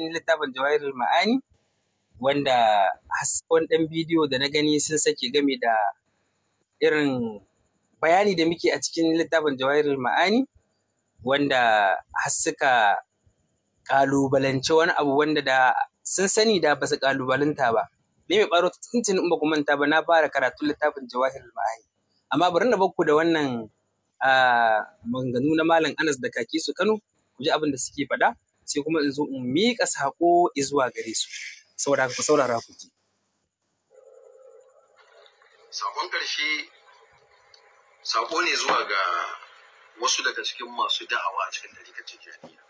cikin littafin jawahirul ma'ani wanda hasken ɗan bidiyo da na gani sun sake game da irin bayani da muke a cikin littafin jawahirul ma'ani wanda har suka kalubalance wani abu wanda da sun sani da ba su kalubalanta ba ni mai ɓaro tuntun in ba ku manta ba na fara karatun littafin jawahirul ma'ani amma bari na bakku da wannan ah, maganganu na malam anas da kaki su kano ku ji abin da suke faɗa sai kuma in zo in miƙa saƙo zuwa gare su saboda ku saurara ku ji saƙon ƙarshe saƙo ne zuwa ga wasu daga cikin masu da'awa a cikin ɗarikar jami'a.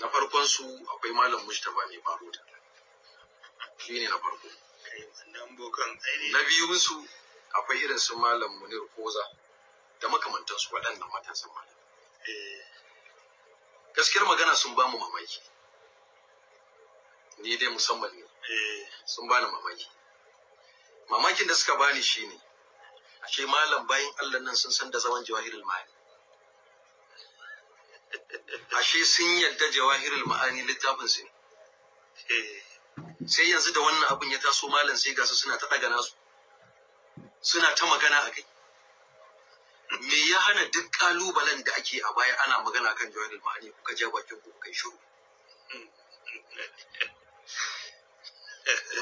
na farkon su akwai malam mustapha mai baro da shi ne na farko na biyun su akwai irin su malam munir koza da makamantansu waɗannan matasan malam eh, gaskiyar magana sun ba mu mamaki ni dai musamman ne eh. sun bani mamaki mamakin da suka bani shine ashe malam bayin Allah nan sun san da zaman jawahirul ma'ani ashe sun yadda jawahirul ma'ani littafin su ne eh. sai yanzu da wannan abin ya taso malam sai gasu suna ta daga nasu suna ta magana a kai me ya hana duk kalubalen da ake a baya ana magana kan jawabin ma'ani kuka je bakin ku kai shiru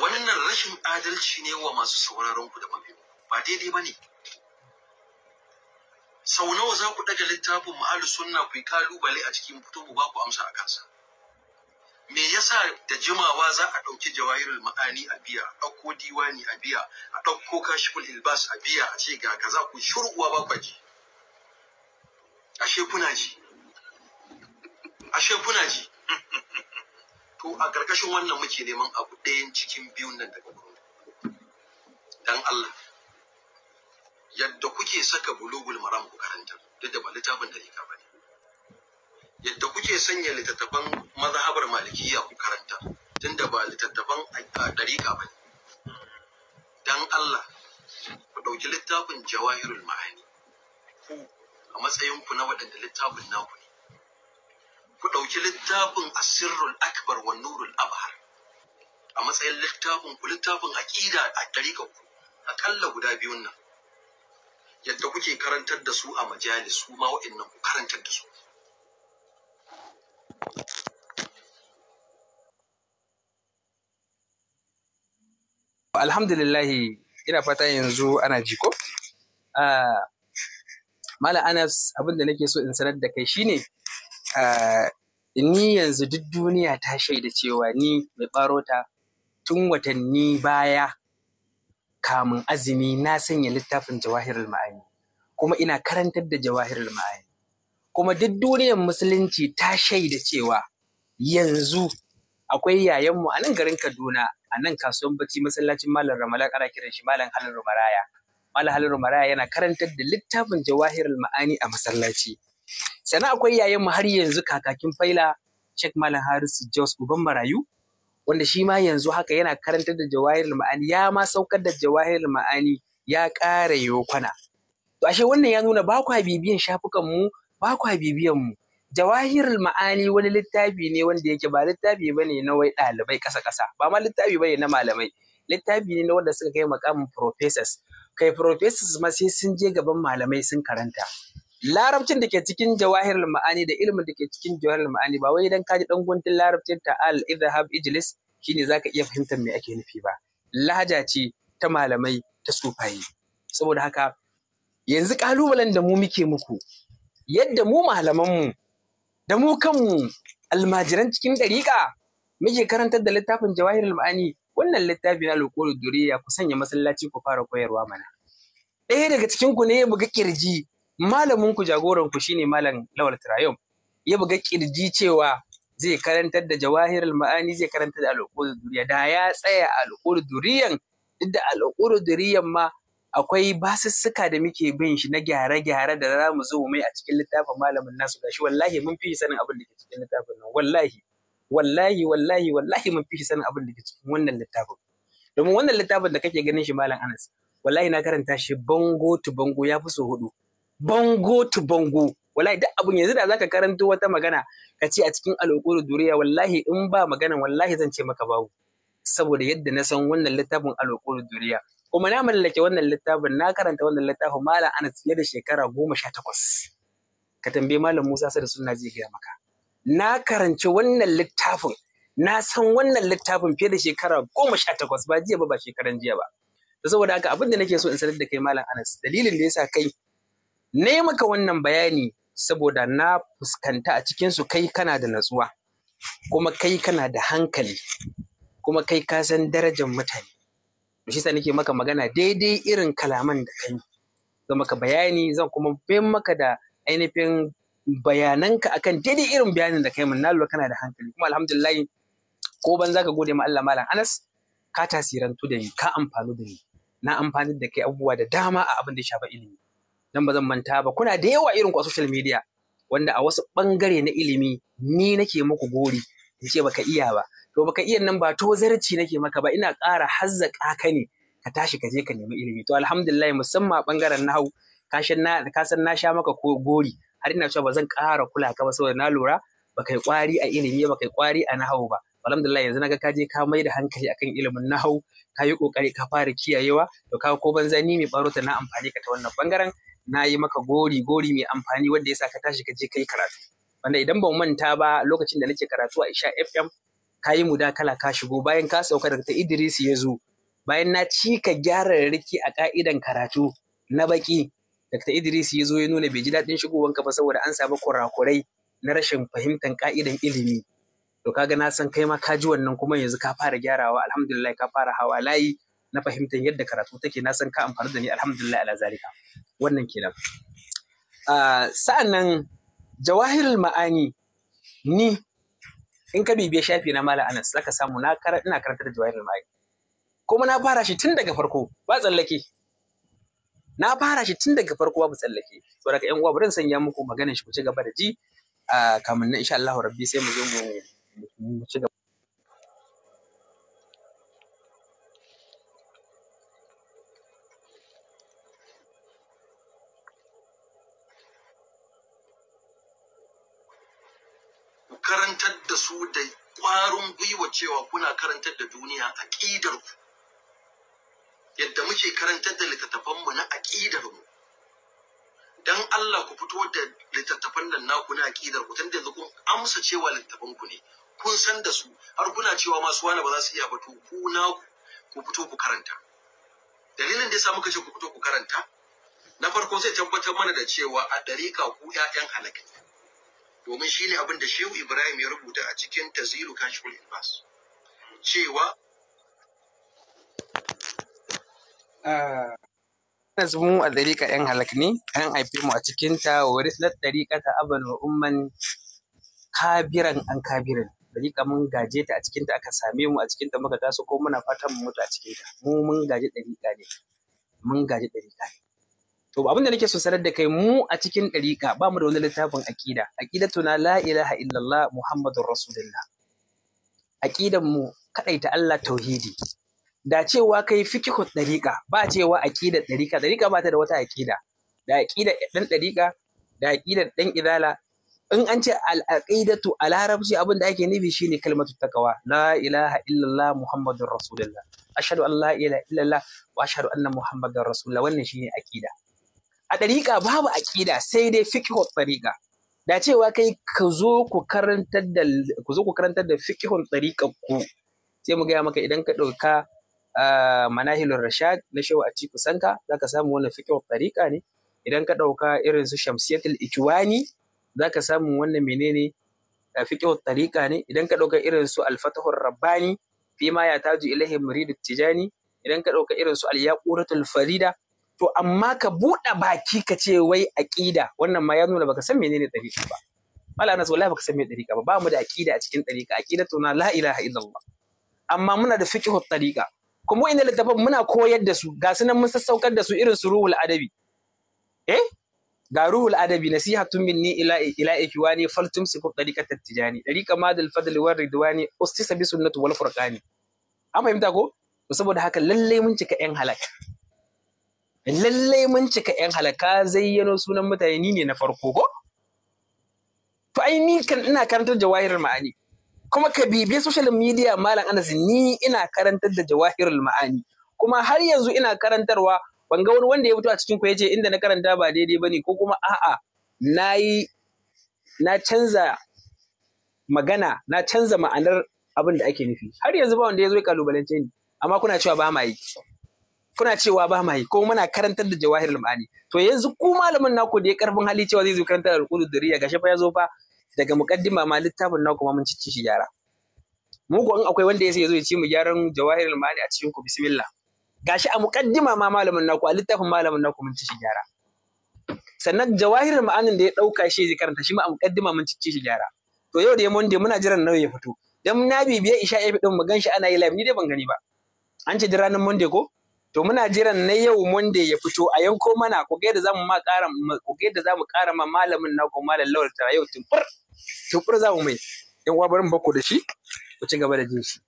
wannan rashin adalci ne wa masu sauraron ku da mafi ba daidai ba ne sau nawa za ku daga littafin ma'alu sunna ku yi kalubale a cikin fito ba ku amsa a kansa me yasa da jimawa za a ɗauki jawahirul ma'ani a biya a ɗauko diwani a biya a ɗauko kashiful ilbas a biya a ce ga kaza ku shuruwa ba ji ashe kuna ji ashe kuna ji to a ƙarƙashin wannan muke neman abu ɗayan cikin biyun nan daga gurin dan Allah yadda kuke saka bulugul maram ku karanta duk da ba littafin ba bane yadda kuke sanya littattafan mazhabar malikiya ku karanta tunda ba littattafan a dariƙa ba ne dan Allah ku ɗauki littafin jawahirul ma'ani ku a matsayin ku na waɗanda littafin naku ne ku ɗauki littafin asirrul akbar wa nurul abhar a matsayin littafin ku littafin aqida a dariƙa ku akalla guda biyun nan yadda kuke karantar da su a majalis su ma waɗannan ku karantar da su alhamdulillahi ina fata yanzu ana ji ko ah, mala anas abin da nake so in sanar da kai shine ah, ni yanzu duk duniya ta shaida cewa ni mai barota tun watanni baya kamun azumi na sanya littafin jawahirul ma'ani kuma ina karantar da jawahirul ma'ani kuma duk duniyar musulunci ta shaida cewa yanzu akwai yayanmu a nan garin Kaduna a nan kasuwan bacci masallacin Malam ramala ƙara kiran shi Malam Halilu Maraya. Malam Halilu Maraya yana karantar da littafin Jawahirul Ma'ani a masallaci. Sannan akwai yayanmu har yanzu kakakin faila Sheikh Malam Haris, Jos Uban Marayu wanda shi ma yanzu haka yana karantar da Jawahirul Ma'ani ya ma saukar da Jawahirul Ma'ani ya ƙara yokwana. To ashe wannan ya nuna ba kwa bibiyan shafukan mu ba kwa bibiyan mu jawahirul ma'ani wani littafi ne wanda yake ba littafi bane na wai ɗalibai ƙasa ƙasa ba ma littafi bane na malamai littafi ne na wanda suka kai makamin professors kai professors ma sai sun je gaban malamai sun karanta larabcin da ke cikin jawahirul ma'ani da ilimin da ke cikin jawahirul ma'ani ba wai idan ka ji dan guntun larabcin al idhab ijlis shine zaka iya fahimtar me ake nufi ba lahaja ce ta malamai ta sufaye saboda haka yanzu kalubalen da mu muke muku yadda mu malamanmu da mu kanmu almajiran cikin ɗariƙa muke karantar da littafin jawahir ma'ani wannan littafi na alƙulu duriya ku sanya masallaci ku fara koyarwa mana ɗaya daga cikin ku ne ya buga kirji malamin ku jagoran ku shine malam lawal Tirayom. ya buga kirji cewa zai karantar da jawahir ma'ani zai karantar da alƙulu duriya da ya tsaya al-qur'an duriyan duk da al-qur'an duriyan ma akwai basussuka da muke bin shi na gyare-gyare da za mu zo mai a cikin littafin malamin nasu shi wallahi mun fi sanin abin da ke cikin littafin nan wallahi wallahi wallahi wallahi mun fi sanin abin da ke cikin wannan littafin domin wannan littafin da kake ganin shi malam Anas wallahi na karanta shi bango to bango ya fi so hudu bango to bango wallahi duk abin yanzu da zaka karanto wata magana ka ce a cikin alƙuru duriya wallahi in ba magana wallahi zan ce maka babu saboda yadda na san wannan littafin alƙuru duriya kuma na mallake wannan littafin na karanta wannan littafin malam Anas fiye da shekara goma sha takwas ka tambayi malam Musa sai da sunna zai gaya maka na karanci wannan littafin na san wannan littafin fiye da shekara goma sha takwas ba jiya ba ba shekaran jiya ba da saboda haka abin da nake so in sanar da kai malam Anas dalilin da yasa kai yi maka wannan bayani saboda na fuskanta a cikin su kai kana da natsuwa kuma kai kana da hankali kuma kai ka san darajar mutane to shi sa nake maka magana daidai irin kalaman da kai zan maka bayani zan kuma bin maka da ainihin bayananka akan daidai irin bayanin da kai mun na lura kana da hankali kuma alhamdulillah ko ban zaka gode ma Allah malam Anas ka tasirantu da ni ka amfanu da ni na amfani da kai abubuwa da dama a abin da ya shafa ilimi dan ba zan manta ba kuna da yawa irin ku a social media wanda a wasu bangare na ilimi ni nake muku gori in ce baka iya ba to baka iya nan ba to zarci nake maka ba ina ƙara hazzaka ka ne ka tashi ka je ka nemi ilimi to alhamdulillah musamman a bangaren nahu ka san na sha maka ko gori har ina cewa ba zan ƙara kula ka ba saboda na lura bakai yi kwari a ilimi baka yi kwari a nahau ba alhamdulillah yanzu naga ka je ka mai da hankali akan ilimin nahau ka yi kokari ka fara kiyayewa to ka ko banza ni mai barota na amfani ka ta wannan bangaren na yi maka gori gori mai amfani wanda ya sa ka tashi ka je kai karatu wanda idan ban manta ba lokacin da nake karatu a Isha FM ka yi kala ka shigo bayan ka sauka daga ta Idris ya zo bayan na cika gyara riki a ka'idan karatu na baki Dr. Idris ya zo ya nuna bai ji daɗin shigowanka ba saboda an samu kurakurai na rashin fahimtar ka'idan ilimi. To kaga na san kai ma ka ji wannan kuma yanzu ka fara gyarawa alhamdulillah ka fara hawa layi na fahimtar yadda karatu take na san ka amfani da ni alhamdulillah ala zalika. Wannan kenan. Uh, ah, sa'an nan jawahirul ma'ani ni in ka bibiya shafi na Malam Anas zaka samu na ina karantar da Jawahirul Ma'ani kuma na fara shi tun daga farko ba tsallake na fara shi tun daga farko babu tsallake saboda ka yan uwa bari sanya muku maganar shi ku ci gaba da ji ah, kamun na insha Allah rabbi sai mu zo mu ci gaba karantar da su da ƙwarin gwiwa cewa kuna karantar da duniya ƙidar ku yadda muke karantar da littattafanmu na aƙidar mu dan Allah ku fito da littattafan nan naku na aƙidar ku tunda yanzu kun amsa cewa littattafan ku ne kun san da su har kuna cewa ma su wani ba za su iya ba ku naku ku fito ku karanta dalilin da yasa muka ce ku fito ku karanta na farko zai tabbatar mana da cewa a dariƙa ku 'ya'yan halaka domin ne abin da Shehu Ibrahim ya rubuta a cikin taziru Kashful Ilbas cewa ah, Nas mu a dalika ‘yan halak ne, an haife mu a cikinta wuri na dalika ta abin umman kabiran an kabirin. Dalika mun gaje ta a cikinta aka same mu a cikinta muka taso ko muna fatan mu mutu a cikinta. Mu mun gaje dalika ne, mun gaje dalika ne. To abin da nake so sanar da kai mu a cikin ɗariƙa ba mu da wani littafin aƙida. tuna la ilaha illallah Muhammadur Rasulullah. Aƙidan mu kaɗaita Allah tauhidi. Da cewa kai fikihu ɗariƙa ba cewa aƙidar ɗariƙa ɗariƙa ba ta da wata aƙida. Da aƙidar ɗan ɗariƙa da aƙidar ɗan idala in an ce al'aqidatu a larabci abin da ake nufi shine kalmatu takawa la ilaha illallah muhammadur rasulullah ashhadu an la ilaha illallah wa ashhadu anna muhammadar rasulullah wannan shine aƙida. a ɗariƙa babu aƙida sai dai fiqhul ɗariƙa da cewa kai ka zo ku karantar da ku zo karantar da ɗariƙa ku sai mu gaya maka idan ka ɗauka manahilun rashad na shehu a ciku sanka zaka samu wannan fiqhul ɗariƙa ne idan ka ɗauka irin su shamsiyatul ikiwani ka samu wannan menene fiqhul ɗariƙa ne idan ka ɗauka irin su Alfatahun rabbani fi ma ya taju ilahi muridu tijani idan ka ɗauka irin su al-yaquratul farida to amma ka buɗe baki ka ce wai aƙida wannan ma ya nuna baka san menene ɗariƙa ba mala anas wallahi baka san me ɗariƙa ba ba mu da aƙida a cikin ɗariƙa aƙida to na la ilaha illallah amma muna da fiqhu ɗariƙa kuma wa'inda littafan muna koyar da su ga su nan mun sassaukar da su irin su ruhul adabi eh ga ruhul adabi nasihatun minni ila ila ikwani faltumsiku ɗariƙa tattijani ɗariƙa madal fadl war ridwani ustisa bi sunnati wal furqani an fahimta ko saboda haka lallai mun cika yan halak lallai mun cika ‘yan halaka zayyano sunan mutane ni ne na farko ko? To ai ni kan ina karantar jawahirar ma'ani. Kuma ka bibiye social media malam Anas ni ina karantar da jawahirar ma'ani. Kuma har yanzu ina karantarwa ban ga wani wanda ya fito a cikin ku ya ce inda na karanta ba daidai bane ko kuma a'a na yi na canza magana na canza ma'anar abin da ake nufi. Har yanzu ba wanda ya zo ya kalubalance ni amma kuna cewa ba ma yi. kuna cewa ba mai ko muna karantar da al ma'ani to yanzu ku malamin naku da ya karfin hali cewa zai zo karantar alqudu dariya. gashi fa ya zo fa daga muqaddima ma littafin naku ma mun cici shi gyara mu ko in akwai wanda ya yazo ya zo ya ci mu gyaran al ma'ani a cikin ku bismillah gashi a muqaddima ma malamin naku a littafin malamin naku mun ci shi gyara sannan al ma'anin da ya dauka shi zai karanta shi ma a muqaddima mun cici shi gyara to yau da ya monday muna jiran nawa ya fito dan na bibiye isha ya fi din mu shi ana yi live ni dai ban gani ba an ce ranar monday ko to muna jiran na yau monday ya fito a yanko mana ku ga yadda zamu ma ƙara ku ga yadda zamu ƙara ma malamin naku malam lawal tara yau tumfur tumfur zamu mai yan uwa bari mu bako da shi ku ci gaba da jin shi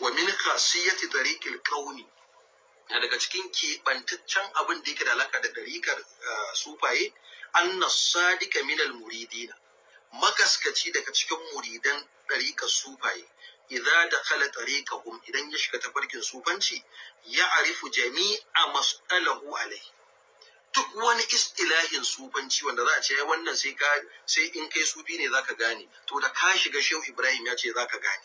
wa min khasiyati tariqil kauni na daga cikin keɓantaccen abin da yake da alaka da ɗarikar eh, sufaye annas sadika minal muridina magaskaci daga cikin muridan ɗariƙar sufaye idza dakhala tariqahum idan ya shiga tafarkin sufanci ya arifu jami'a mas'alahu alai duk wani istilahin sufanci wanda za a ce wannan sai ka sai in kai sufi ne zaka gane to da ka shiga shehu ibrahim ya ce zaka gane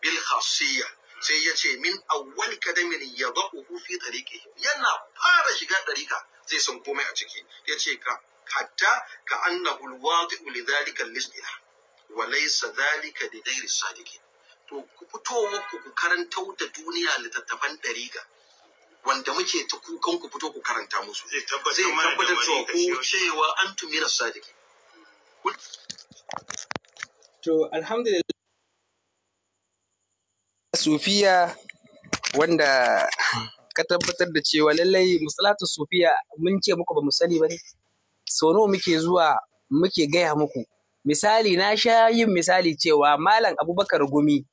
bil khasiyya sai ya ce min awwal kadamin yadahu fi tariqihi yana fara shiga ɗarika zai san komai a ciki ya ce ka hatta ka annahu alwadi'u li dhalika al-istina wa laysa dhalika li ghairi sadiqin to ku fito ku ku karantau da duniya littattafan dariga wanda muke ta kukan ku fito ku karanta musu zai tabbatar da ku cewa an min as-sadiqin to alhamdulillah sufiya wanda ka tabbatar da cewa lallai musalatu sufiya mun ce muku ba mu sani ba ne so nawa muke zuwa muke gaya muku misali na sha yin misali cewa malam abubakar gumi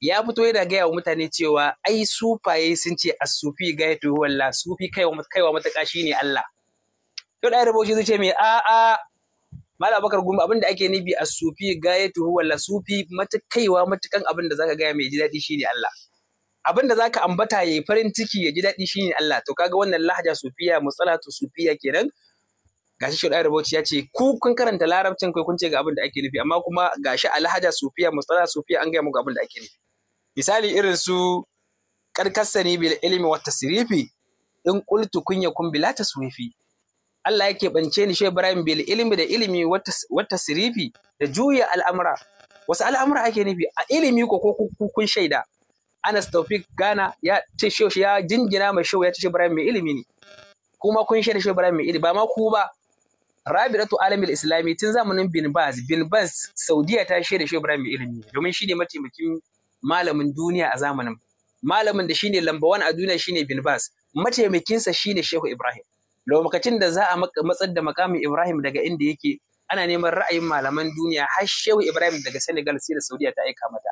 ya fito yana gaya wa mutane cewa ai sufaye sun ce a Sufi gaya to walla sufi kaiwa matuƙa shi ne Allah Yau da rubuci shi ce me a a malam abubakar gumi abin da ake nufi Sufi gaya to walla sufi matuƙaiwa matuƙan abin da zaka gaya mai ji daɗi ne Allah abin da zaka ambata yayi farin ciki ya ji daɗi shine Allah to kaga wannan lahja sufiya musalatu sufiya kenan gashi shi da bauchi ya ce ku kun karanta larabcin kai kun ce ga abin da ake nufi amma kuma gashi alhaja sufiya mustala sufiya an gaya muku abin da ake nufi misali irin su karkasani bil ilmi wa tasrifi in qultu kun yakun bila taswifi Allah yake bance ni shi Ibrahim bil ilmi da ilmi wa tasrifi da juya al'amura wasu al'amura ake nufi a ilimi ko ko kun shaida Anas Tawfik Gana ya ce shi ya jingina mai shau ya ce shi Ibrahim mai ilimi ne kuma kun shaida shi Ibrahim mai ilimi ba ma ku ba Rabiratu Alamil Islami tun zamanin Bin Baz, Bin Baz Saudiya ta shaida shi Ibrahim ilimi domin shi ne mataimakin malamin duniya a zamanin. Malamin da shine lamba wani a duniya ne Bin Baz, mataimakinsa shi ne Shehu Ibrahim. Lokacin da za a matsar da makamin Ibrahim daga inda yake ana neman ra'ayin malaman duniya har Shehu Ibrahim daga Senegal sai da Saudiya ta aika mata.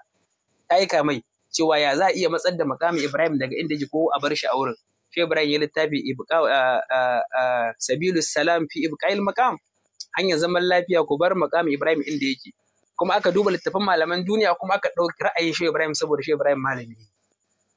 Ta aika mai cewa ya za a iya matsar da makamin Ibrahim daga inda yake ko a bar shi a wurin. Febrai ya littafi Sabilu sabilus salam fi Ibrahim, Makam. hanyar zaman lafiya ku bar makam ibrahim inda yake kuma aka duba littafin malaman duniya kuma aka ɗauki ra'ayin Shehu ibrahim saboda Shehu ibrahim malami ne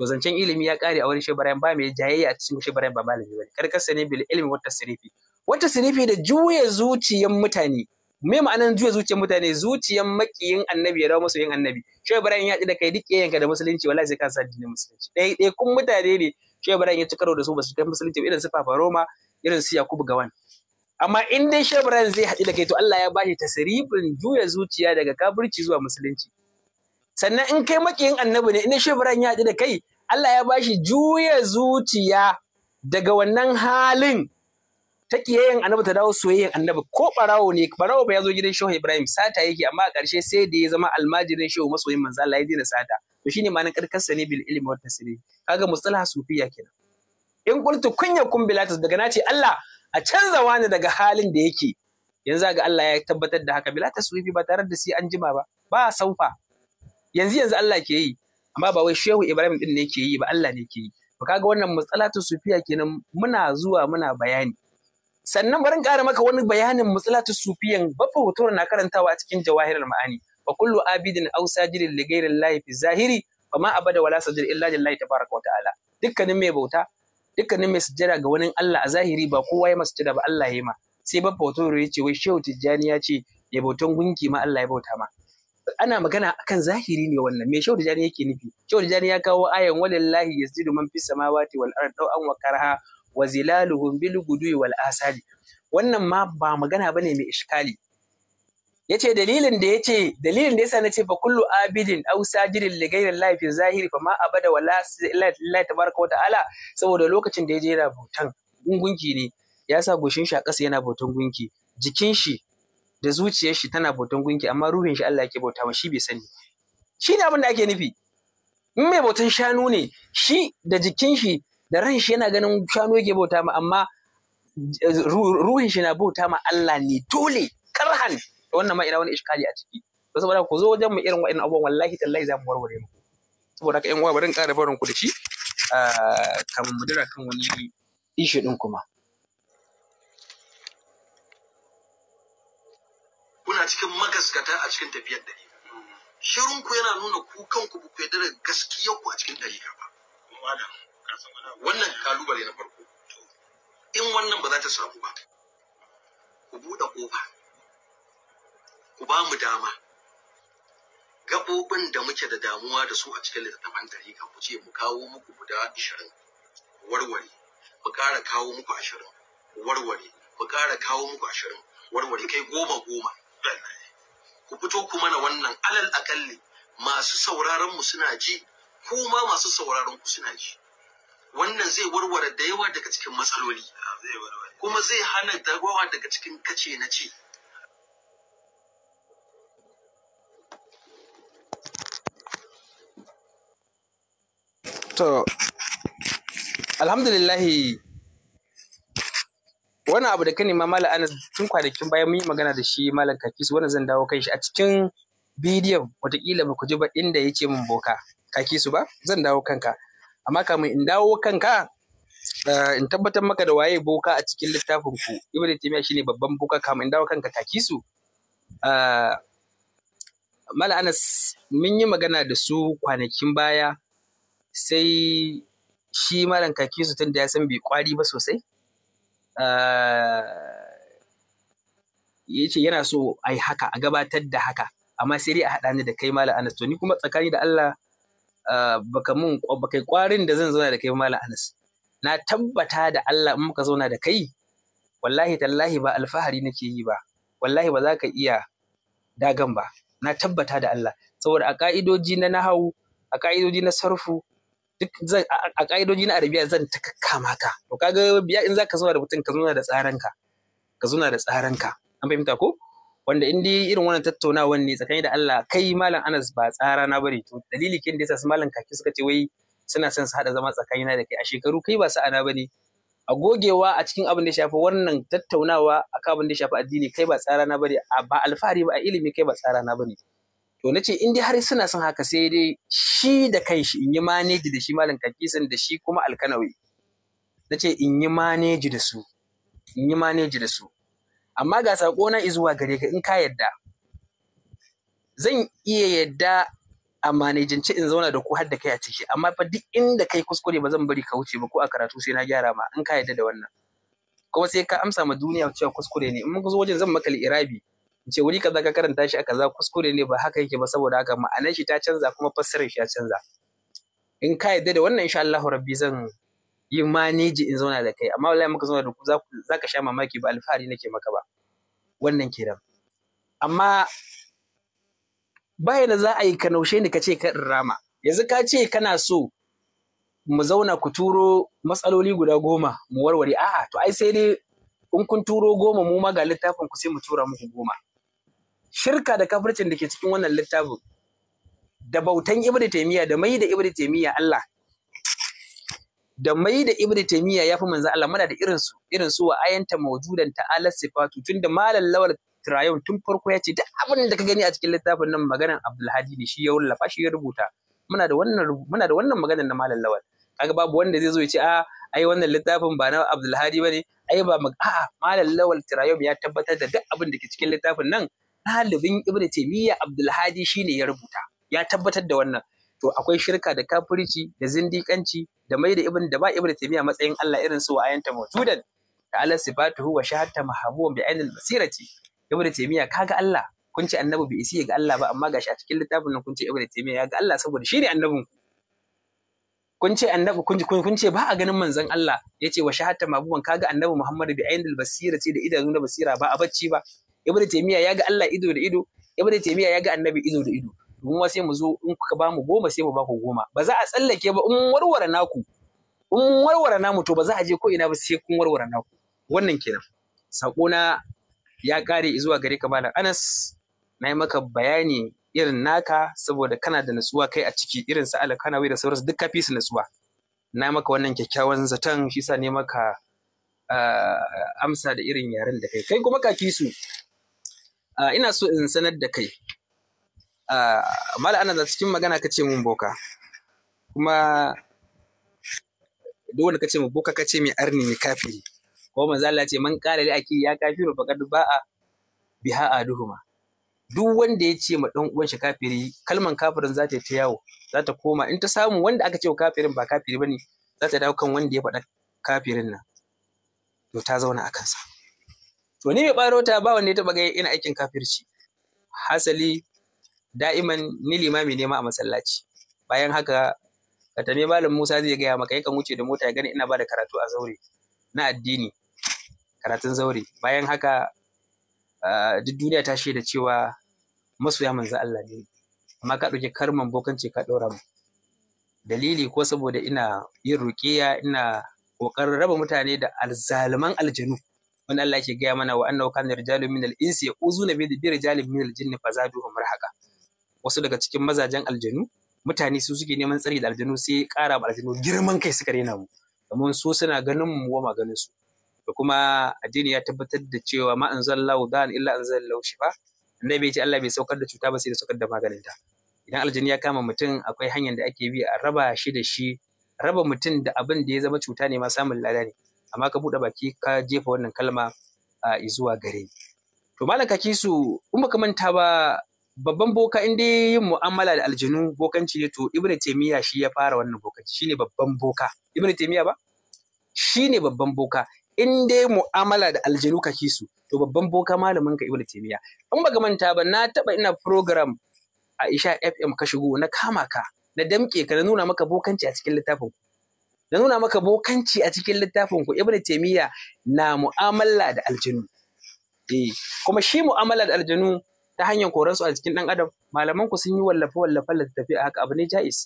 to zancen ilimi ya ƙare a wurin Shehu ibrahim ba mai jayayya a cikin Shehu ibrahim ba malami bane karkasa ne bil ilmi wata sirifi wata sirifi da juya zuciyan mutane me ma'anar juya zuciyar mutane zuciyar maƙiyin annabi ya dawo masa yin annabi Shehu ibrahim ya da kai duk yanka da musulunci wallahi sai ka sa addinin musulunci ɗaya ɗaya kun mutane ne Shehu ya ci karo da su ba su kai musulunci irin su Papa Roma irin su Yakubu Gawan amma in dai Shehu zai haɗu da kai to Allah ya ba shi tasrifin juya zuciya daga kafirci zuwa musulunci sannan in kai makiyin annabi ne in Shehu ya haɗu da kai Allah ya ba shi juya zuciya daga wannan halin ta kiyayen annabi ta dawo soyayyen annabi ko barawo ne barawo ba ya zo gidan shehu ibrahim sata yake amma a ƙarshe sai da ya zama almajirin shehu masoyin manzo Allah ya dina sata to shine ma'anar karkarsa ne bil ilmi wa tasrif kaga mustalaha sufiya kenan in qultu kunya kun bilatus daga nace Allah a canza wani daga halin da yake yanzu ga Allah ya tabbatar da haka bila taswifi ba tare da sai an jima ba ba saufa yanzu yanzu Allah ke yi amma ba wai Shehu Ibrahim din ne ke yi ba Allah ne ke yi to kaga wannan mustalatu sufiya kenan muna zuwa muna bayani sannan barin in ƙara maka wani bayanin mustalatu sufiyan baffa hoto na karantawa a cikin jawahirul ma'ani wa kullu abidin aw sajidin li ghayri fi zahiri fa ma abada wala sajid illa lillahi tabaraka wa ta'ala dukkanin mai bauta sujjada ga wani Allah a zahiri ba kowa ya masujjada ba Allah ya ma sai ba bautar ya ce wai shehu tijjani ya ce ya bautan gunki ma Allah ya bauta ma ana magana akan zahiri ne wannan me shehu tijjani yake nufi shehu tijjani ya kawo ayan walillahi yasjudu man fis samawati wal ardi an wa karaha wa zilaluhum bil gudu wal asali wannan ma ba magana bane mai iskali yace dalilin da ce dalilin da yasa ce fa kullu abidin ausa jirin li ghayri Allah zahiri fa ma abada wala lillahi tabaraka wata ala saboda lokacin da ya yana bautan gungunki ne ya sa goshin shi a ƙasa yana bautan gunki jikin shi da zuciyar shi tana bautan gunki amma ruhin shi Allah yake bauta shi bai sani shi ne abin da ake nufi in mai bautan shanu ne shi da jikin shi da ran shi yana ganin shanu yake bauta ma amma eh, ruhin shi na bauta ma Allah ne dole karhan wannan ma ina wani iskali a ciki to saboda ku zo wajen mu irin wa'annan abubuwan wallahi tallahi za mu warware muku saboda ka yan uwa bari in ƙara barin ku da shi ah, kan mu dira kan wani ishi din kuma kuna cikin magaskata a cikin tafiyar dare shirin ku yana nuna ku kanku ku yarda da gaskiyar ku a cikin dare ba wannan kalubale na farko in wannan ba za ta samu ba ku buɗe ƙofa ku ba mu dama gaɓoɓin da muke da damuwa da su a cikin littattafan tarika ku ce mu kawo muku guda ashirin warware mu ƙara kawo muku ashirin warware mu ƙara kawo muku ashirin warware kai goma goma ku fito ku mana wannan alal akalli masu sauraron mu suna ji kuma masu sauraron ku suna ji wannan zai warware da yawa daga cikin matsaloli kuma zai hana dagowa daga cikin kace na ce To, alhamdulillahi wani abu da ka nema Malam Anas tun kwanakin bayan mun yi magana da shi Malam Kakisu, wannan zan dawo kan shi a cikin bidiyon watakila ba ku ji ba inda ya ce min boka Kakisu ba zan dawo kanka amma kamun in dawo kanka eh, in tabbatar maka da waye boka a cikin littafin ku Ibn shi shine babban boka kamun in dawo kanka Kakisu eh, Malam Anas mun yi magana da su kwanakin baya sai shi malam kaki su tun da ya san bai kwari ba sosai eh, ya ce yana so a yi haka a gabatar da haka amma sai dai a haɗa ni da kai malam anas to ni kuma tsakani da allah eh, baka mun baka kwarin da zan zauna da kai malam anas na tabbata da allah in muka zauna da kai wallahi tallahi ba alfahari nake yi ba wallahi ba za ka iya dagan ba na tabbata da allah saboda a ka'idoji na nahawu a ka'idoji na sarfu duk zan a ka'idoji na arabiya zan ta kakkama ka to kaga biya in zaka zauna da mutum ka zauna da tsaranka ka zauna da tsaranka an fahimta ko wanda in dai irin wannan tattaunawan ne tsakani da Allah kai malam Anas ba tsara na bari to dalili kin da yasa su malam kaki suka ce wai suna son su hada zama tsakani na da kai a shekaru kai ba sa'a na bane a gogewa a cikin abin da ya shafi wannan tattaunawa akan abin da ya shafi addini kai ba tsara na bane ba alfahari ba a ilimi kai ba tsara na bane to na ce in dai har suna son haka sai dai shi da kanshi in yi maneji da shi malam kakisan da shi kuma alkanawi na ce in yi maneji da su in yi maneji da su amma ga sako na izuwa gare ka in ka yadda zan iya yadda a manejance in zauna da ku har da kai a ciki amma fa duk inda kai kuskure ba zan bari ka wuce ba ko a karatu sai na gyara ma in ka yadda da wannan kuma sai ka amsa ma duniya cewa kuskure ne in mun zo wajen zan maka irabi ce wuri kaza ka karanta shi a kaza kuskure ne ba haka yake ba saboda haka ma'anar shi ta canza kuma fassarar shi ya canza in ka yadda da wannan insha Allah rabbi zan yi maneji in zauna da kai amma wallahi muka zauna da ku za ka sha mamaki ba alfahari nake maka ba wannan kiran amma bayan za a yi kanaushe naushe ni ka ce ka rama yanzu ka ce kana so mu zauna ku turo matsaloli guda goma mu warware a'a to ai sai dai in kun turo goma mu ma ga littafin ku sai mu tura muku goma shirka da kafircin da ke cikin wannan littafin da bautan ibnu taymiya da mai da ibnu taymiya Allah da mai da ibnu taymiya yafi manzo Allah muna da irin su irin su wa ayanta mawjudan ta'ala sifatu tunda malal lawal tirayon tun farko ya ce duk abin da ka gani a cikin littafin nan maganar Abdulhadi ne shi ya wallafa shi ya rubuta muna da wannan muna da wannan maganar na malam lawal kaga babu wanda zai zo ya ce a ah, ai wannan littafin ba na ba bane ai ba a'a malam lawal tirayon ya tabbatar da duk abin da ke cikin littafin nan ɗalibin ibnu taymiya abdulhadi shine ya rubuta ya tabbatar da wannan to akwai shirka da kafirci da zindikanci da mai da ibn da ba ibn taymiya matsayin Allah irin su ta mawjudan da ala sifatuhu wa shahadta mahabuwan bi ainil basirati ibn taymiya kaga Allah kun ce annabi bai isi ga Allah ba amma gashi a cikin littafin nan kun ce ibn taymiya ya ga Allah saboda shi ne annabin kun ce annabi kun kun ce ba a ganin manzon Allah yace wa shahadta mahabuwan kaga annabi Muhammad bi ainil basirati da idanu na basira ba a bacci ba ibnu taymiya ya ga Allah ido da ido ibnu taymiya ya ga annabi ido da ido domin wa sai mu zo in kuka ba mu goma sai mu ba ku goma ba za a tsallake ba in warware naku in warware namu to ba za a je ko ina ba sai kun warware naku wannan kenan sako na ya kare zuwa gare ka malam Anas na maka bayani irin naka saboda kana da natsuwa kai a ciki irin sa wai da sauransu duk fi su natsuwa na maka wannan kyakkyawan zaton shi sa ne maka ah, amsa da irin yaren da kai kai kuma kafi su Ah, ina so in sanar da kai ah, mala ana da cikin magana ka ce mun boka kuma duk wanda ka ce mun boka ka ce mai arni mai kafiri ko za Allah ce man qala li ya kafiru ba ba'a biha aduhuma duk wanda ya ce ma dan uwan shi kafiri kalman kafirin za ta ta yawo za ta koma in ta samu wanda aka ce wa kafirin ba kafiri bane za ta dawo kan wanda ya faɗa kafirin nan to ta zauna a kansa to ni mai barota ba wanda ya taba ga ina aikin kafirci hasali da'iman ni limami ne ma a masallaci bayan haka ka malam Musa zai gaya maka yakan wuce da mota ya gani ina bada karatu a zaure na addini karatun zaure bayan haka duk duniya ta shaida cewa masoya manzo Allah ne amma ka ɗauki karman ce ka ɗora mu dalili ko saboda ina yin ruƙiya ina ƙoƙarin raba mutane da alzaluman aljanu wani Allah yake gaya mana wa annahu kana rijalun min al-insi yaquzuna bi rijalin min al-jinni fazaduhum rahaqa wasu daga cikin mazajen aljanu mutane su suke neman tsari da aljanu sai karawa ba aljanu girman kai suka rena mu kamar su suna ganin mu wa maganin su da kuma addini ya tabbatar da cewa ma anzalallahu da'an illa anzalallahu shifa annabi bai ce Allah bai saukar da cuta ba sai da saukar da maganinta idan aljini ya kama mutum akwai hanyar da ake bi a raba shi da shi raba mutum da abin da ya zama cuta ne ma samun lada amma ka buɗe baki ka jefa wannan kalma a zuwa gare to malam kaki su in baka manta ba babban boka in dai yin mu'amala da aljinu bokanci ne to ibnu taymiya shi ya fara wannan bokanci shine babban boka ibnu taymiya ba shine babban boka in dai mu'amala da aljinu kaki su to babban boka malamin ka ibnu taymiya in baka manta ba na taba ina program a Isha FM ka shigo na kama ka na damke ka na nuna maka bokanci a cikin littafin na nuna maka bokanci a cikin littafin ku ibnu taymiya na mu'amala da aljanu eh kuma shi mu'amala da aljanu ta hanyar koran su a cikin dan adam malaman ku sun yi wallafe wallafe littafi a haka abu ne jais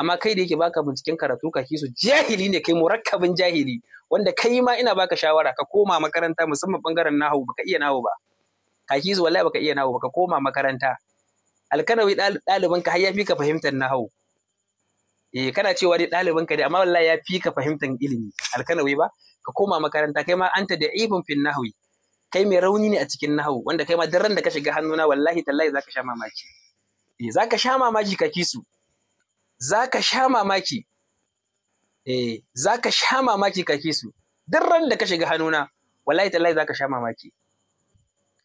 amma kai da yake baka binciken karatu ka su jahili ne kai murakkabin jahili wanda kai ma ina baka shawara ka koma makaranta musamman bangaren nahawu baka iya nahawu ba ka zuwa wallahi baka iya nahawu baka koma makaranta alkanawi ɗaliban ka har ya fi ka fahimtar nahawu eh kana cewa dai ɗalibin ka dai amma wallahi ya fi ka fahimtar ilimi alkanawi ba ka koma makaranta kai ma anta da ibn fin nahwi kai mai rauni ne a cikin nahwu wanda kai ma duk da ka shiga hannuna wallahi tallahi zaka sha mamaki eh zaka sha mamaki ka kisu zaka sha mamaki eh zaka sha mamaki ka kisu duk da ka shiga hannuna wallahi tallahi zaka sha mamaki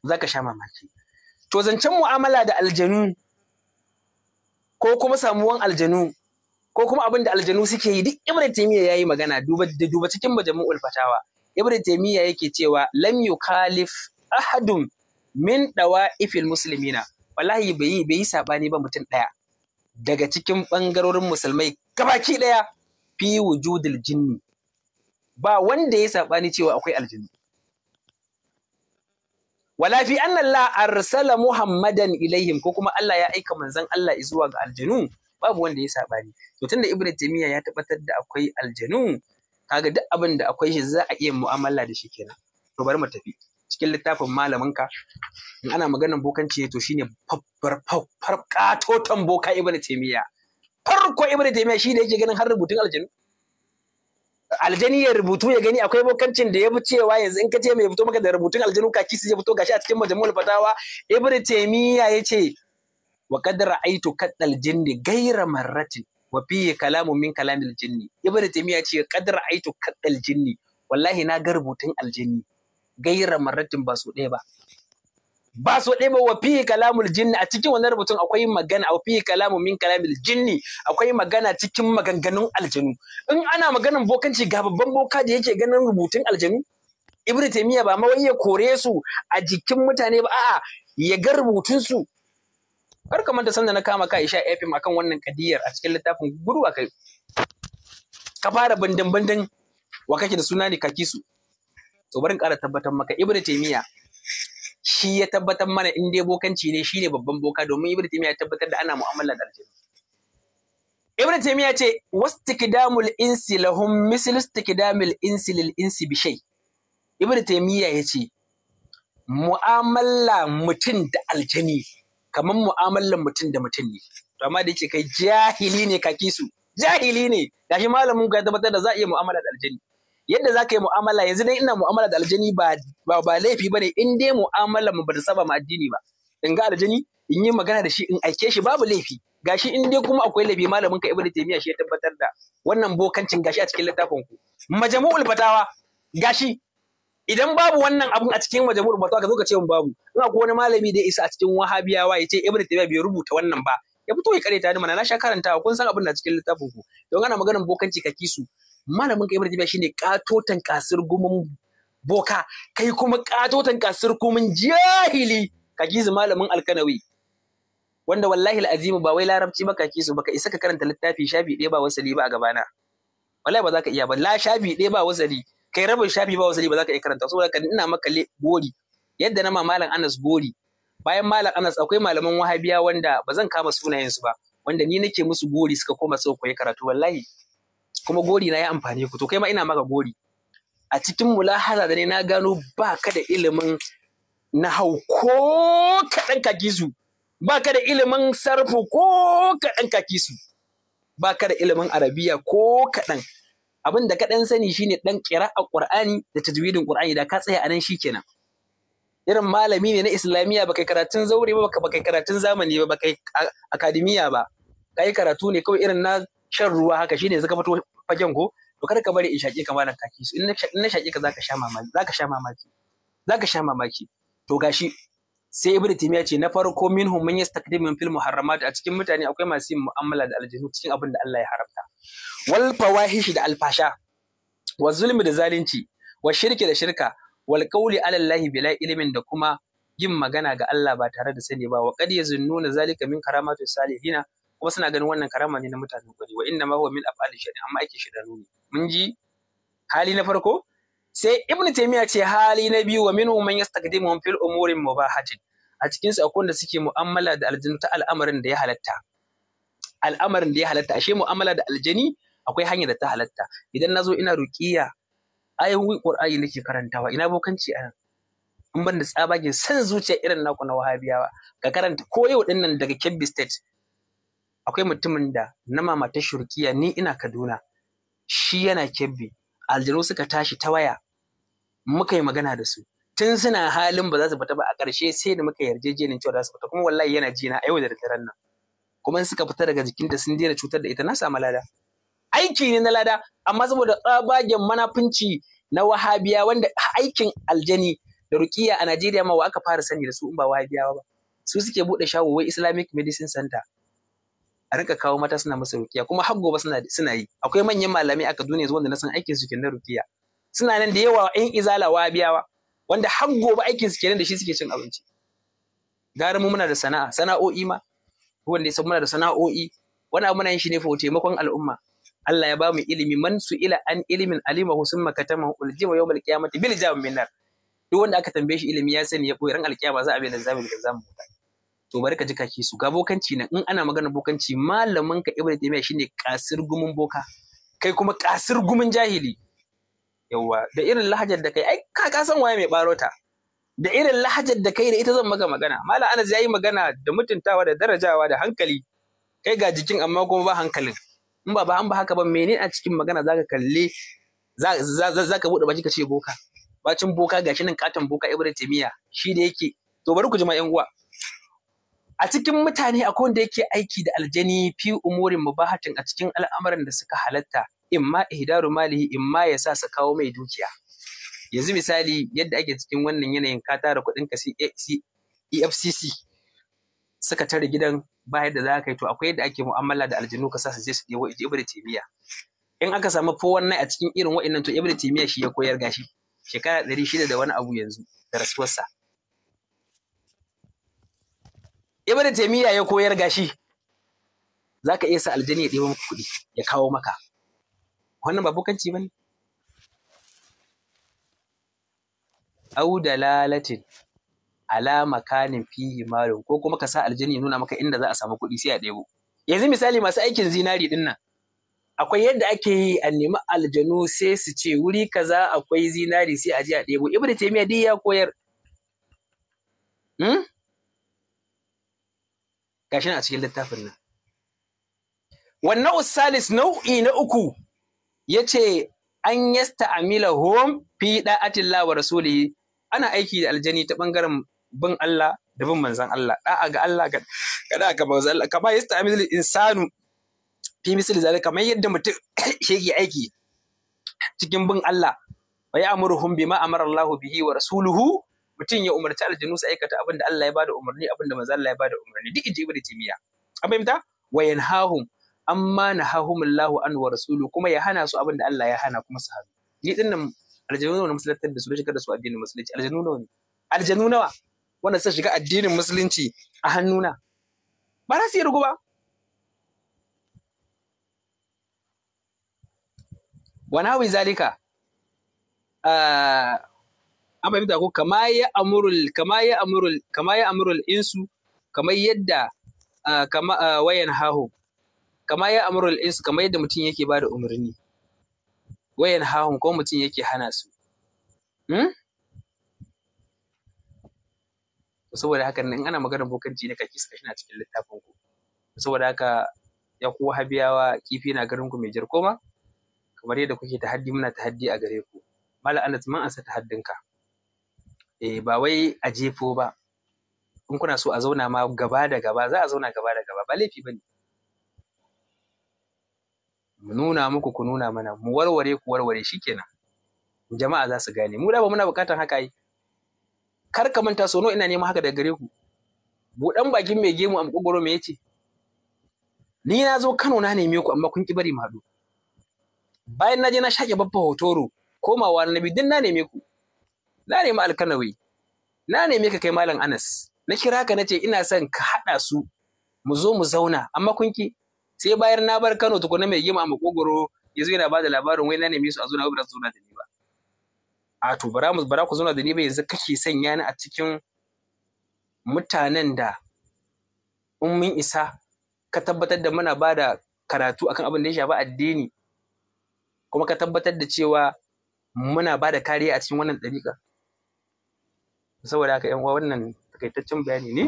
zaka sha mamaki to zancen mu'amala da aljanu ko kuma samuwan aljanu ko kuma abin da aljanu suke yi duk ibn taymiya yayi magana duba da duba cikin majmu'ul fatawa ibn taymiya yake cewa lam yukhalif ahadun min dawa'ifil muslimina wallahi bai bai yi sabani ba mutum daya daga cikin bangarorin musulmai gabaki daya fi wujudil jinni ba wanda ya sabani cewa akwai Aljanu. wala fi anna Allah arsala Muhammadan ilaihim ko kuma Allah ya aika manzon Allah zuwa ga aljinu babu wanda ya saɓani to tunda ibnu taymiya ya tabbatar da akwai aljanu kaga duk abin da akwai shi za a iya mu'amala da shi kenan to bari mu tafi cikin littafin malaminka in ana maganar bokanci to shine katotan boka ibnu taymiya farko ibnu taymiya shi da yake ganin har rubutun aljanu aljani ya rubutu ya gani akwai bokancin da ya fi cewa yanzu in ka ce mai fito maka da rubutun aljanu kaki su ya fito gashi a cikin majmu'ul fatawa ibnu taymiya yace wa qad ra'aytu kaddal jinni ghayra marratin wa fihi kalamun min kalamil jinni ibnu taymiya ce qad ra'aytu kaddal jinni wallahi na ga rubutun aljinni Gaira marratin ba su ɗaya ba ba so ɗaya ba wa fi kalamul jinni a cikin wannan rubutun akwai magana wa fi kalamu min kalamil jinni akwai magana cikin maganganun aljanu in ana maganan bokanci ga babban boka da yake ganin rubutun aljanu ibnu taymiya ba mawai ya kore su a jikin mutane ba a'a ya ga rubutun su har kamar da sanda na kama ka Isha FM akan wannan kadiyar a cikin littafin gurwa kai ka fara bandan bandan wa kake da suna ne kaki su to barin ƙara tabbatar maka ibnu Taymiya shi ya tabbatar mana in dai bokanci ne shine babban boka domin ibnu Taymiya ya tabbatar da ana mu'amala da aljanu ibnu Taymiya ce wastikdamul insi lahum misl istikdamil insi lil insi bi shay ibnu Taymiya ya ce mu'amala mutum da aljani kamar mu'amalar mutum da mutum ne to amma da yake kai jahili ne kaki su jahili ne shi malamin ga tabbatar da za a iya mu'amala da aljani yadda za ka yi mu'amala yanzu dai ina mu'amala da aljani ba ba laifi ne in dai mu'amalar mu ba ta saba ma addini ba in ga aljani in yi magana da shi in aike shi babu laifi gashi in dai kuma akwai laifi malamin ka ibnu taymiya shi ya tabbatar da wannan bokancin gashi a cikin littafin ku Majamu'ul fatawa gashi idan babu wannan abun a cikin majamur ba ka zo ka ce mun babu ina ko wani malami da isa a cikin wahabiyawa ya ce ibnu taymiya bai rubuta wannan ba ya fito ya kareta ni mana na sha karantawa kun san abin da cikin littafin ku don ana maganar bokanci ka kisu malamin ka ibnu taymiya shine katotan kasir gumin boka kai kuma katotan kasir Kumin jahili ka kisu malamin alkanawi wanda wallahi azimu ba wai larabci ba ka kisu baka isa ka karanta littafi shafi ɗaya ba wasali ba a gabana wallahi ba za ka iya ba la shafi ɗaya ba wasali kai rabin shafi ba wasali ba za ka iya karanta saboda kan ina maka gori yadda na ma malam Anas gori bayan malam Anas akwai malaman wahabiya wanda ba zan kama sunayen su ba wanda ni nake musu gori suka koma suka koyi karatu wallahi kuma gori na ya amfani ku to kai ma ina maka gori a cikin mulahaza da ne na gano ba ka da ilimin hau ko kaɗan kakisu ba ka da ilimin sarfu ko kaɗan kakisu ba ka da ilimin arabiya ko kaɗan abin da ka shi sani shine dan a Ƙur'ani da tajwidin Ƙur'ani, da ka tsaya anan kenan. irin malami ne na islamiyya kai karatun zaure ba kai karatun zamani ba ba kai akademiya ba Ka yi karatu ne kawai irin na shan ruwa haka shine zaka fito fagen ko to kada ka bari in shaƙe ka malam kaki su in na shaƙe ka zaka sha mamaki zaka sha mamaki zaka sha mamaki to gashi sai ibnu timiya ce na farko minhum man yastakdimu fil muharramat a cikin mutane akwai masu yin mu'amala da aljanu cikin abin da Allah ya haramta wal fawahishi da alfasha wa zulmi da zalunci wa shirki da shirka wal qawli ala allahi bila ilmin da kuma yin magana ga Allah ba tare da sani ba wa qad yazunnuna zalika min karamatu salihina kuma suna ganin wannan karama ne na mutanen gari wa inna ma huwa min af'ali shari amma ake shidanu ne mun ji hali na farko sai ibn taymiya ce hali na biyu wa minhum man yastaqdimuhum fil umuri mubahatin a cikin su akwai da suke mu'amala da aljanu ta al'amarin da ya halatta al'amarin da ya halatta ashe mu'amala da aljani akwai hanyar da ta halatta idan na zo ina ruƙiya ayoyin qur'ani nake karantawa ina bokanci a nan in ban da tsabagen san zuciya irin naku na wahabiyawa ka karanta ko yau din nan daga kebbi state akwai mutumin da na mamata shurkiya ni ina kaduna shi yana kebbi aljiru suka tashi ta waya muka yi magana da su tun suna halin ba za su fita ba a ƙarshe sai da muka yarjejenin cewa za su fita kuma wallahi yana jina a yau da daren nan kuma in suka fita daga jikinta sun daina cutar da ita na samu lada aiki ne na lada amma saboda tsabagen manafinci na wahabiya wanda aikin aljani da rukiya a Najeriya ma wa aka fara sani da su in ba wahabiyawa ba su suke bude shago wai Islamic Medicine Center a rinka kawo mata suna masa rukiya kuma har gobe suna suna yi akwai manyan malamai a Kaduna yanzu wanda na san aikin su na rukiya suna nan da yawa in izala wahabiyawa wanda har gobe aikin su kenan da shi suke cin abinci gara mu muna da sana'a sana'o'i ma wanda ya san muna da sana'o'i wani abu muna yin shi ne fa taimakon al'umma Allah ya ba mu ilimi man su ila an ilimin alimahu summa makatama uljima yawmal qiyamati bil jam minnar duk wanda aka tambaye shi ilimi ya sani ya koyi ran alkiyama za a bai da zamu da zamu to bari ka ji kake su ga bokanci nan in ana magana bokanci malamin ka ibnu taymiya shine kasir gumun boka kai kuma kasir gumun jahili yawa da irin lahajar da kai ai ka ka san waye mai barota da irin lahajar da kai da ita zan maka magana mala anas yayi magana da mutuntawa da darajawa da hankali kai ga jikin amma kuma ba hankalin in ba ba an ba haka ba menene a cikin magana zaka kalle za ka bude baki ka ce boka bacin boka gashi nan katon boka Ibrahim, temiya shi da yake to bari ku ji ma yan uwa a cikin mutane akwai wanda yake aiki da aljani fi umurin mubahatin a cikin al'amuran da suka halatta imma ihdaru malihi imma ya sa su kawo mai dukiya yanzu misali yadda ake cikin wannan yanayin ka tara kuɗin ka EFCC suka tare gidan ba yadda za ka yi to akwai yadda ake mu'amala da aljanu ka sa su je su ɗebo ije ibnu taymiya in aka samu fo wannan a cikin irin wa'annan to ibnu taymiya shi ya koyar gashi shekara ɗari shida da wani abu yanzu da rasuwarsa ibnu taymiya ya koyar gashi za ka iya sa aljani ya ɗebo maka kuɗi ya kawo maka wannan ba bukanci ba ne au dalalatin ala makanin fihi malun ko kuma ka sa aljani nuna maka inda za a samu kuɗi sai a ɗebo yanzu misali masu aikin zinari din nan akwai yadda ake yi a nemi aljanu sai su ce wuri kaza akwai zinari sai a je a ɗebo ibnu taymiya dai ya koyar hmm? gashi a cikin littafin nan wannan usalis nau'i na uku yace an yasta amila hom fi da'atillah wa rasulihi ana aiki da aljani ta bangaren bin Allah da bin manzan Allah da'a ga Allah ga da'a ga manzan Allah kama yasta'milul insanu fi misli zalika kamar yadda mutum yake aiki cikin bin Allah wa ya'muruhum bima amara Allahu bihi wa rasuluhu mutum ya umarci aljinu su aikata abin da Allah ya bada umarni abin da manzan Allah ya bada umarni duk inji ibnu timiya an fahimta wa yanhahum amma nahahum Allahu an wa rasuluhu kuma ya hana su abin da Allah ya hana kuma su hana ni dinnan nawa ne musulunta da su shigar da su addinin musulunci Aljanu nawa ne Aljanu nawa wanda suka shiga addinin musulunci a hannuna ba za su yi rugu ba wanawi zalika ah, an fahimta ko kama ya amurul kama ya amurul kama ya amurul insu kama yadda ah, kama ah, wayan haho, kama ya amurul insu kama yadda mutum yake bada umarni wayan hahun ko mutum yake hana su hmm? saboda haka in ana maganar bokanci da kaki kashi na cikin littafin ku saboda haka ya ku habiyawa kifi na garin ku mai jar koma kamar yadda kuke haddi muna haddi a gare ku mala anas man haddin ka eh ba wai a jefo ba in kuna so a zauna ma gaba da gaba za a zauna gaba da gaba ba laifi bane mu nuna muku ku nuna mana mu warware ku warware shikenan jama'a za su gane mu da ba muna bukatan haka yi kar ka manta sono ina neman haka daga gare ku buɗan bakin mai gemu a makogoro me yace ni na zo Kano na neme ku amma kun ki bari bayan na je na shake babba hotoro komawa na nabi din na neme ku na nemi alkanawi na neme ka kai malam Anas na kira ka nace ina son ka haɗa su mu zo mu zauna amma kun ki sai bayan na bar Kano tukuna mai gemu a makogoro yanzu yana bada labarin wai na neme su a zo na ba su zauna da ni ba a to bara mu bara ku zauna da ni ba yanzu kake sanya ni a cikin mutanen da in mun isa ka tabbatar da muna ba da karatu akan abin da ya shafi addini kuma ka tabbatar da cewa muna ba da kariya a cikin wannan ɗariƙa saboda haka yan uwa wannan takaitaccen bayani ne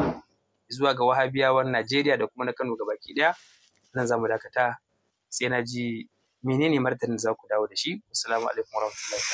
zuwa ga wahabiyawan Najeriya da kuma na Kano baki daya nan zamu dakata sai na ji menene martanin za ku dawo da shi assalamu alaikum warahmatullahi